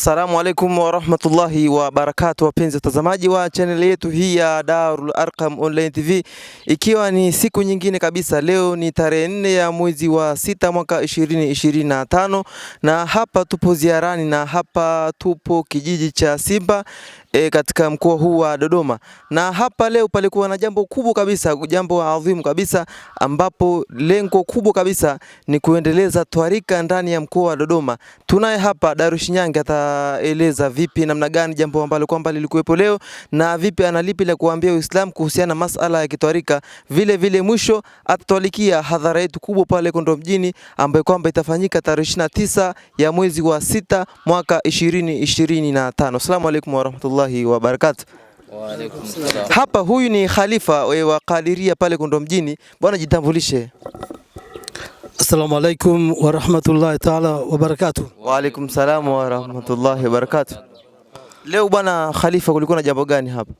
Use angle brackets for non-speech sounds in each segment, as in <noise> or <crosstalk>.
Assalamu alaikum warahmatullahi wabarakatu, wapenzi watazamaji wa chaneli yetu hii ya Darul Arqam Online TV, ikiwa ni siku nyingine kabisa. Leo ni tarehe nne ya mwezi wa sita mwaka 2025 na hapa tupo ziarani na hapa tupo kijiji cha Simba e, katika mkoa huu wa Dodoma. Na hapa leo palikuwa na jambo kubwa kabisa, jambo adhimu kabisa, ambapo lengo kubwa kabisa ni kuendeleza twarika ndani ya mkoa wa Dodoma. Tunaye hapa Darush Nyange, ataeleza vipi, namna gani jambo ambalo kwamba lilikuwepo leo na vipi analipi la kuambia Uislamu kuhusiana masala ya kitwarika. Vile vile mwisho atatualikia hadhara yetu kubwa pale Kondoa mjini ambayo kwamba itafanyika tarehe 29 ya mwezi wa sita mwaka 2025. Asalamu alaykum wa warahmatullahi warahmatullahi Wa Hapa huyu ni khalifa e, wa Qadiria pale Kundo mjini, bwana jitambulishe. Assalamu alaikum warahmatullahi taala wabarakatuh. Wa alaikum salam warahmatullahi wabarakatu Leo bwana khalifa, kulikuwa na jambo gani hapa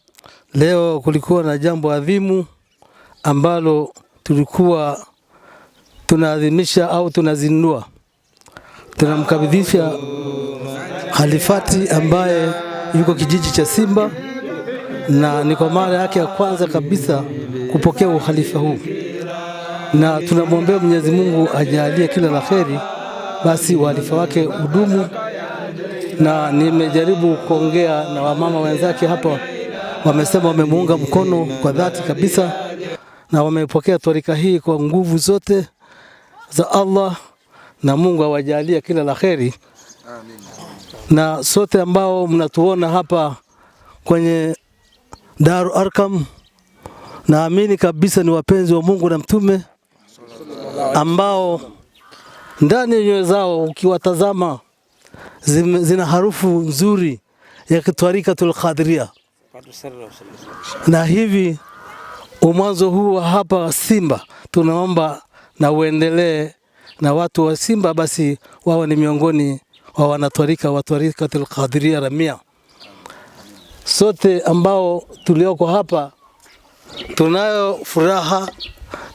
leo? Kulikuwa na jambo adhimu ambalo tulikuwa tunaadhimisha au tunazindua, tunamkabidhisha khalifati ambaye yuko kijiji cha Simba na ni kwa mara yake ya kwanza kabisa kupokea uhalifa huu, na tunamwombea Mwenyezi Mungu ajalie kila la heri basi uhalifa wake udumu. Na nimejaribu kuongea na wamama wenzake hapa, wamesema wamemuunga mkono kwa dhati kabisa na wamepokea tarika hii kwa nguvu zote za Allah, na Mungu awajalie kila la kheri. Amin na sote ambao mnatuona hapa kwenye Darul Arkam, naamini kabisa ni wapenzi wa Mungu na Mtume ambao ndani ya nyoyo zao ukiwatazama zina harufu nzuri ya Twarikatul Qadiria, na hivi umwanzo huu wa hapa Simba tunaomba na uendelee, na watu wa Simba basi wawe ni miongoni wa wanatwarika wa Tarikatul Qadiria Ramia, sote ambao tulioko hapa tunayo furaha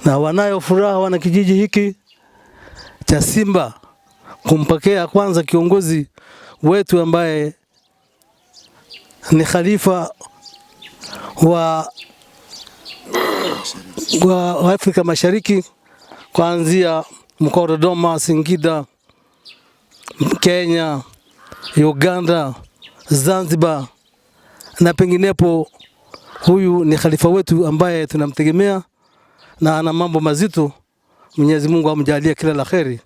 na wanayo furaha wana kijiji hiki cha Simba kumpokea kwanza kiongozi wetu ambaye ni khalifa wa, wa Afrika Mashariki kuanzia mkoa wa Dodoma, Singida Kenya, Uganda, Zanzibar na penginepo. Huyu ni khalifa wetu ambaye tunamtegemea na ana mambo mazito. Mwenyezi Mungu amjalie kila la kheri,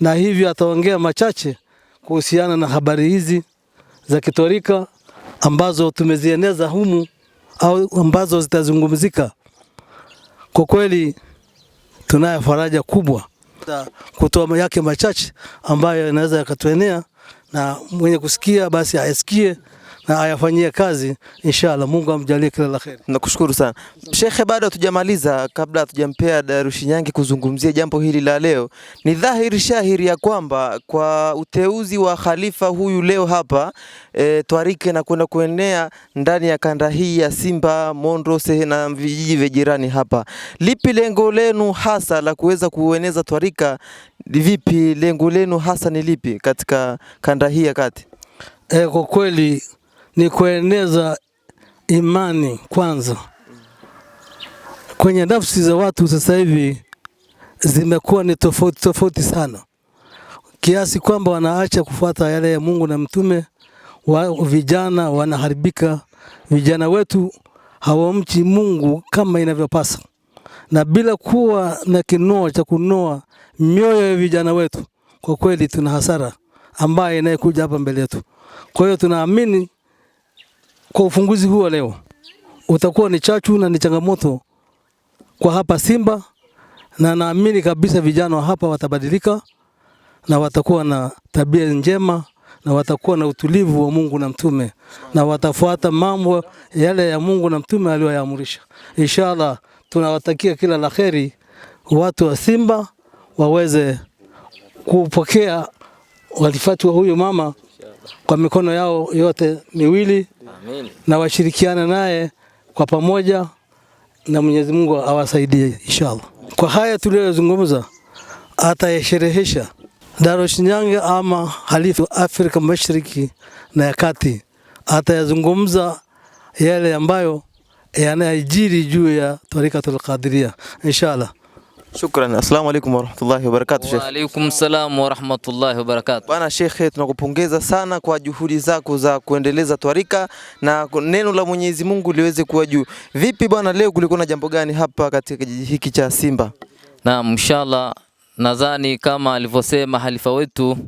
na hivyo ataongea machache kuhusiana na habari hizi za kitorika ambazo tumezieneza humu au ambazo zitazungumzika. Kwa kweli tunayo faraja kubwa kutoa yake machache ambayo yanaweza yakatuenea na mwenye kusikia basi asikie na ayafanyie kazi inshallah. Mungu amjalie kila la kheri. Nakushukuru sana Shekhe, bado hatujamaliza. Kabla hatujampea Darushinyangi kuzungumzia jambo hili la leo, ni dhahiri shahiri ya kwamba kwa uteuzi wa khalifa huyu leo hapa e, twarike na kwenda kuenea ndani ya kanda hii ya Simba sehe na vijiji vya jirani hapa, lipi lengo lenu hasa la kuweza kueneza twarika? Vipi lengo lenu hasa ni lipi katika kanda hii ya kati? E, kwa kweli ni kueneza imani kwanza kwenye nafsi za watu. Sasa hivi zimekuwa ni tofauti tofauti sana, kiasi kwamba wanaacha kufuata yale ya Mungu na Mtume wa vijana wanaharibika. Vijana wetu hawamchi Mungu kama inavyopasa, na bila kuwa na kinoa cha kunoa mioyo ya vijana wetu, kwa kweli tuna hasara ambayo inayokuja hapa mbele yetu. Kwa hiyo tunaamini kwa ufunguzi huo leo utakuwa ni chachu na ni changamoto kwa hapa Simba, na naamini kabisa vijana wa hapa watabadilika na watakuwa na tabia njema na watakuwa na utulivu wa Mungu na mtume na watafuata mambo yale ya Mungu na mtume aliyoyaamrisha. Inshallah, tunawatakia kila la watu wa Simba waweze kupokea walifatwa huyu mama kwa mikono yao yote miwili Amen. Na washirikiana naye kwa pamoja na Mwenyezi Mungu awasaidie inshallah. Kwa haya tuliyozungumza, atayasherehesha Darosh Nyange ama halifu Afrika Mashariki na ya Kati, atayazungumza yale ambayo yanayojiri juu ya tarikatul Qadiria inshallah. Shukran. Assalamu alaykum warahmatullahi wabarakatuh. Wa alaykum salam warahmatullahi wabarakatuh. Bwana Sheikh, tunakupongeza sana kwa juhudi zako za kuendeleza twarika na neno la Mwenyezi Mungu liweze kuwa juu. Vipi bwana, leo kulikuwa na jambo gani hapa katika kijiji hiki cha Simba? Naam, inshallah nadhani kama alivyosema halifa wetu,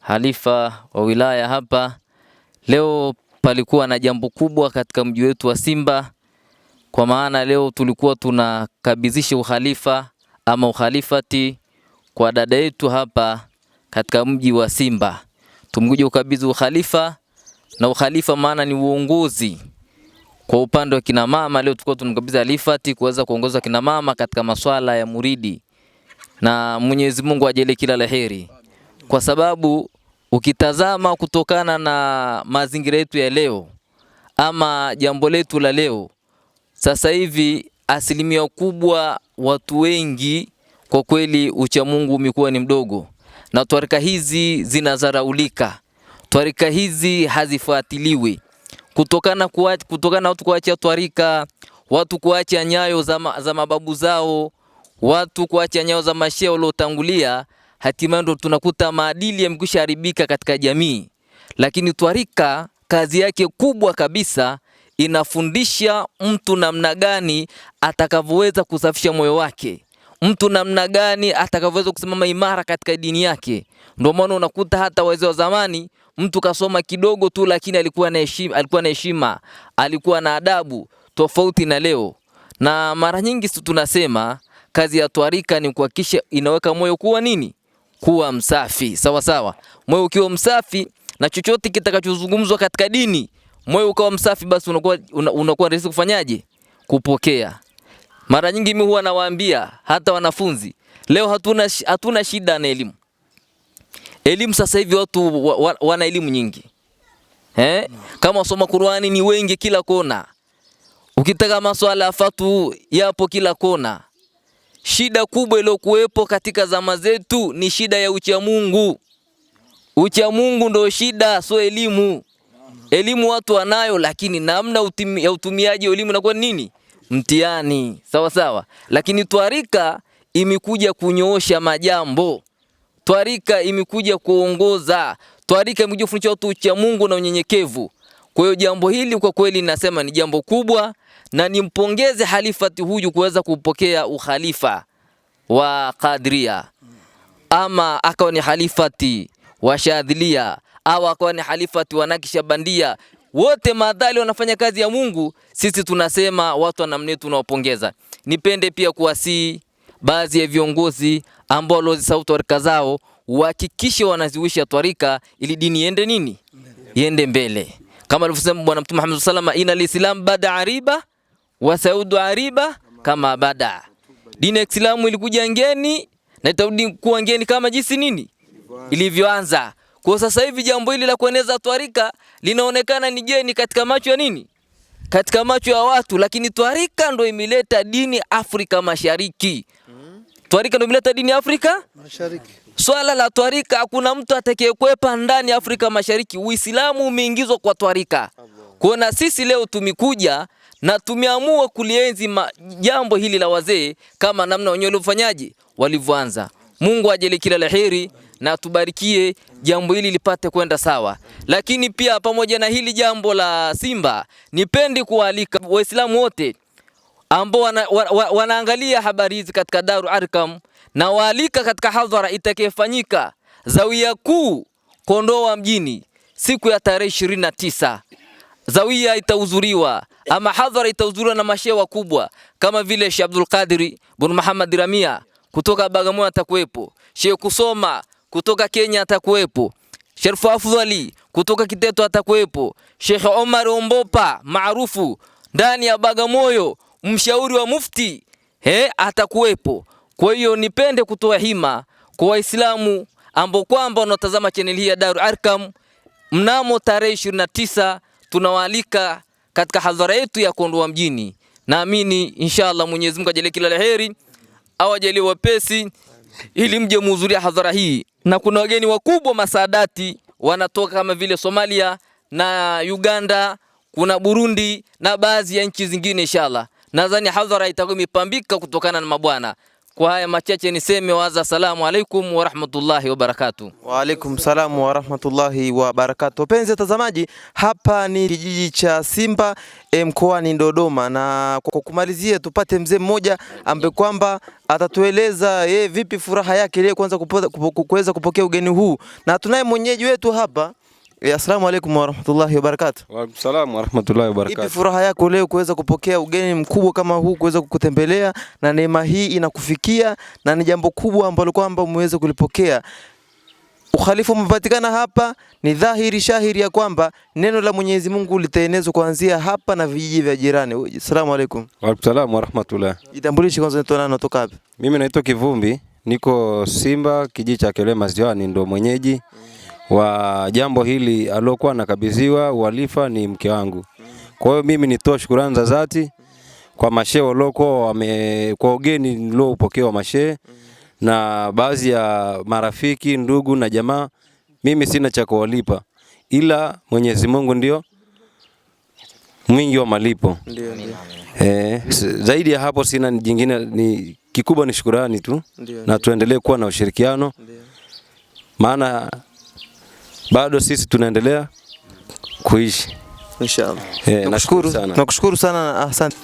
halifa wa wilaya hapa, leo palikuwa na jambo kubwa katika mji wetu wa Simba, kwa maana leo tulikuwa tunakabidhisha uhalifa ama ukhalifati kwa dada yetu hapa katika mji wa Simba, tumkuja ukabidhi ukhalifa na ukhalifa maana ni uongozi kwa upande wa kina mama. Leo tulikuwa tunakabidhi alifati kuweza kuongoza kina mama katika maswala ya muridi, na Mwenyezi Mungu ajele kila laheri, kwa sababu ukitazama kutokana na mazingira yetu ya leo ama jambo letu la leo sasa hivi asilimia kubwa watu wengi kwa kweli uchamungu umekuwa ni mdogo, na twarika hizi zinazaraulika, twarika hizi hazifuatiliwi kutokana kuacha, kutokana watu kuacha twarika, watu kuacha nyayo za, ma, za mababu zao, watu kuacha nyayo za mashia waliotangulia, hatimaye ndo tunakuta maadili yamekwisha haribika katika jamii. Lakini twarika kazi yake kubwa kabisa inafundisha mtu namna gani atakavyoweza kusafisha moyo wake, mtu namna gani atakavyoweza kusimama imara katika dini yake. Ndio maana unakuta hata wazee wa zamani, mtu kasoma kidogo tu, lakini alikuwa na heshima, alikuwa na heshima, alikuwa na adabu tofauti na leo. Na mara nyingi sisi tunasema kazi ya twarika ni kuhakikisha inaweka moyo kuwa nini, kuwa msafi. Sawa sawa, moyo ukiwa msafi na chochote kitakachozungumzwa katika dini moyo ukawa msafi, basi unakuwa unakuwa rahisi kufanyaje? Kupokea. Mara nyingi mimi huwa nawaambia hata wanafunzi leo, hatuna hatuna shida na elimu. Elimu sasa hivi watu wa, wa, wana elimu nyingi eh? Kama wasoma Qur'ani ni wengi kila kona, ukitaka maswala ya fatu yapo kila kona. Shida kubwa iliyokuwepo katika zama zetu ni shida ya uchamungu. Uchamungu ndio shida, sio elimu. Elimu watu wanayo, lakini namna utimi, ya utumiaji wa elimu inakuwa nini? Mtihani. Sawa sawa, lakini twarika imekuja kunyoosha majambo, twarika imekuja kuongoza, twarika imekuja kufundisha watu ucha Mungu na unyenyekevu. Kwa hiyo jambo hili kwa kweli nasema ni jambo kubwa, na nimpongeze halifati huyu kuweza kupokea ukhalifa wa Kadria ama akawa ni halifati wa Shadhilia hawa wakawa ni halifati wanakisha bandia wote madhali wanafanya kazi ya Mungu. Sisi tunasema watu wa namna hii tunawapongeza. Nipende pia kuwasihi baadhi ya viongozi ambao walozisahau twarika zao wahakikishe wanaziwisha twarika ili dini iende nini, iende mbele, kama alivyosema Bwana Mtume Muhammad sallallahu alaihi wasallam, inal islam bada ariba wa saudu ariba kama bada. Dini ya Islamu ilikuja ngeni na itarudi kuwa ngeni kama jinsi nini ilivyoanza. Kwa sasa hivi jambo hili la kueneza twarika linaonekana ni jeni katika macho ya nini? Katika macho ya watu, lakini twarika ndio imeleta dini Afrika Mashariki. Twarika ndio imeleta dini Afrika Mashariki. Swala la twarika hakuna mtu atakayekwepa ndani ya Afrika Mashariki. Uislamu umeingizwa kwa twarika. Kuona sisi leo tumekuja na tumeamua kulienzi jambo hili la wazee kama namna wenyewe walivyofanyaje walivyoanza. Mungu ajalie kila laheri na tubarikie jambo hili lipate kwenda sawa. Lakini pia pamoja na hili jambo la Simba, nipendi kuwaalika Waislamu wote ambao wana, wa, wanaangalia habari hizi katika Daru Arkam na waalika katika hadhara itakayofanyika zawia kuu Kondoa mjini siku ya tarehe 29 na tisa. Zawia itahudhuriwa ama hadhara itahudhuriwa na mashehe wakubwa kama vile Sheikh Abdul Qadir bin Muhammad Ramia kutoka Bagamoyo, atakuwepo Sheikh Kusoma kutoka Kenya atakuwepo, Sharifu Afdhali kutoka Kiteto atakuwepo, Sheikh Omar Ombopa maarufu ndani ya Bagamoyo, mshauri wa mufti he, atakuwepo. Kwa hiyo nipende kutoa hima kwa Waislamu ambao kwamba wanaotazama channel hii ya Darul Arkam, mnamo tarehe 29 tunawaalika katika hadhara yetu ya Kondoa mjini. Naamini inshallah Mwenyezi Mungu ajalie kila laheri au ajalie wepesi ili mje muhudhuria hadhara hii na kuna wageni wakubwa masaadati wanatoka kama vile Somalia na Uganda, kuna Burundi na baadhi ya nchi zingine. Inshallah, nadhani hadhara itakuwa imepambika kutokana na mabwana. Kwa haya machache niseme waza, salamu alaikum warahmatullahi wabarakatu. alaikum salamu warahmatullahi wabarakatu. Wapenzi watazamaji, hapa ni kijiji cha Simba eh, mkoani Dodoma, na kwa kumalizia tupate mzee mmoja ambaye kwamba atatueleza yeye eh, vipi furaha yake ile kwanza kuweza kupokea ugeni huu, na tunaye mwenyeji wetu hapa Eh, Asalamu alaykum warahmatullahi wabarakatuh. Wa alaykum salaam warahmatullahi wabarakatuh. Ipi furaha yako leo kuweza kupokea ugeni mkubwa kama huu kuweza kukutembelea na neema hii inakufikia na ni jambo kubwa ambalo kwamba umeweza kulipokea. Ukhalifu umepatikana hapa, ni dhahiri shahiri ya kwamba neno la Mwenyezi Mungu litaenezwa kuanzia hapa na vijiji vya jirani. Asalamu alaykum. Wa alaykum salaam warahmatullah. Jitambulishe kwanza, unatoka wapi? Mimi naitwa Kivumbi, niko Simba kijiji cha Kelema Ziwani, ndo mwenyeji mm wa jambo hili aliokuwa anakabidhiwa uhalifa ni mke wangu. Kwa hiyo mimi nitoa shukurani za dhati kwa mashehe waliokuwa wame kwa ugeni wa mashehe na baadhi ya marafiki, ndugu na jamaa. Mimi sina cha kuwalipa, ila Mwenyezi Mungu ndio mwingi wa malipo. Ndiyo, ndiyo. E, eh, zaidi ya hapo sina jingine, ni kikubwa ni shukurani tu, ndiyo, na tuendelee kuwa na ushirikiano, maana bado sisi tunaendelea kuishi inshallah. Yeah, nashukuru sana. Nakushukuru sana, asante.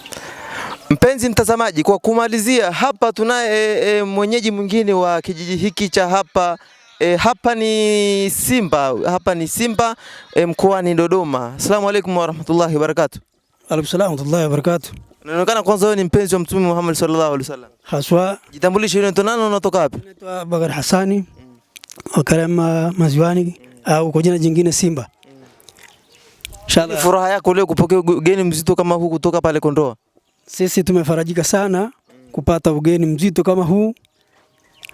Mpenzi mtazamaji, kwa kumalizia hapa tunaye e, mwenyeji mwingine wa kijiji hiki cha hapa e, hapa ni Simba, hapa ni Simba e, mkoani Dodoma. Asalamu alaykum warahmatullahi wabarakatuh. Alaykum salaam warahmatullahi wabarakatuh. Unaonekana kwanza wewe ni mpenzi wa Mtume Muhammad sallallahu alaihi wasallam. Haswa. Jitambulishe, unaitwa nani, unatoka wapi? Naitwa Bakar Mm. Wakarema Maziwani. Mm au kwa jina jingine Simba. Inshallah. Furaha yako leo kupokea ugeni mzito kama huu kutoka pale Kondoa? Sisi tumefarajika sana kupata ugeni mzito kama huu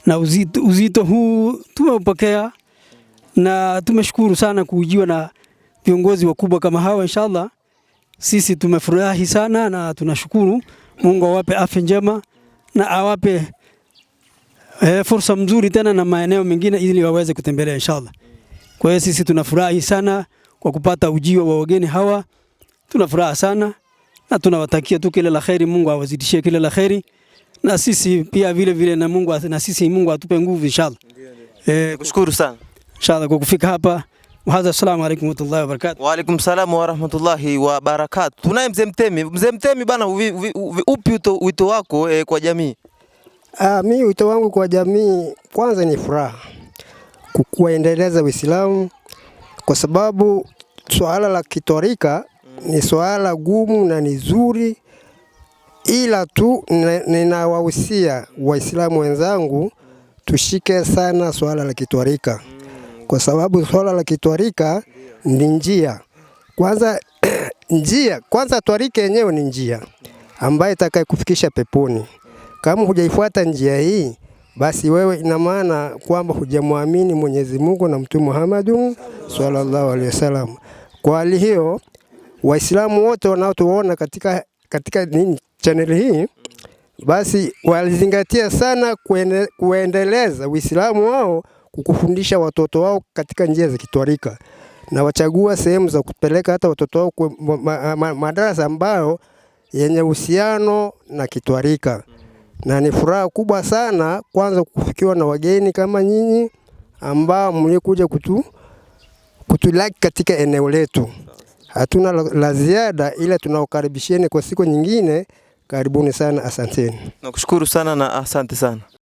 na uzito, uzito huu tumeupokea na tumeshukuru sana kuujiwa na viongozi wakubwa kama hawa. Inshallah sisi tumefurahi sana na tunashukuru Mungu awape afya njema na awape e, fursa mzuri tena na maeneo mengine ili waweze kutembelea inshallah. Kwa hiyo sisi tunafurahi sana kwa kupata ujio wa wageni hawa, tunafuraha sana na tunawatakia tu kila la kheri, Mungu awazidishie kila la kheri na sisi pia vile vile na Mungu na sisi Mungu atupe nguvu inshallah. Eh, kushukuru sana. Inshallah kwa kufika hapa. Wa hadha assalamu alaykum wa rahmatullahi wa barakatuh. Wa alaykum salamu wa rahmatullahi wa barakatuh. Tunaye mzee Mtemi. Mzee Mtemi bana, upi wito wako eh, kwa jamii? Ah, mimi wito wangu kwa jamii kwanza ni furaha kuendeleza Uislamu kwa sababu swala la kitorika ni swala gumu na ni zuri, ila tu ninawahusia Waislamu wenzangu tushike sana swala la kitwarika, kwa sababu swala la kitwarika ni njia kwanza <clears throat> njia kwanza, twarika yenyewe ni njia ambayo itakayokufikisha peponi. Kama hujaifuata njia hii, basi wewe ina maana kwamba hujamwamini Mwenyezi Mungu na Mtume Muhammad sallallahu alaihi wasallam. Kwa hali hiyo, Waislamu wote wanaotuona katika, katika nini chaneli hii basi walizingatia sana kuende, kuendeleza Uislamu wao kukufundisha watoto wao katika njia za kitwarika na wachagua sehemu za kupeleka hata watoto wao madarasa ma, ma, ambayo yenye uhusiano na kitwarika na ni furaha kubwa sana kwanza kufikiwa na wageni kama nyinyi ambao mlikuja kutu, like katika eneo letu. Hatuna la ziada, ila tunawakaribisheni kwa siku nyingine. Karibuni sana, asanteni. Nakushukuru sana na asante sana.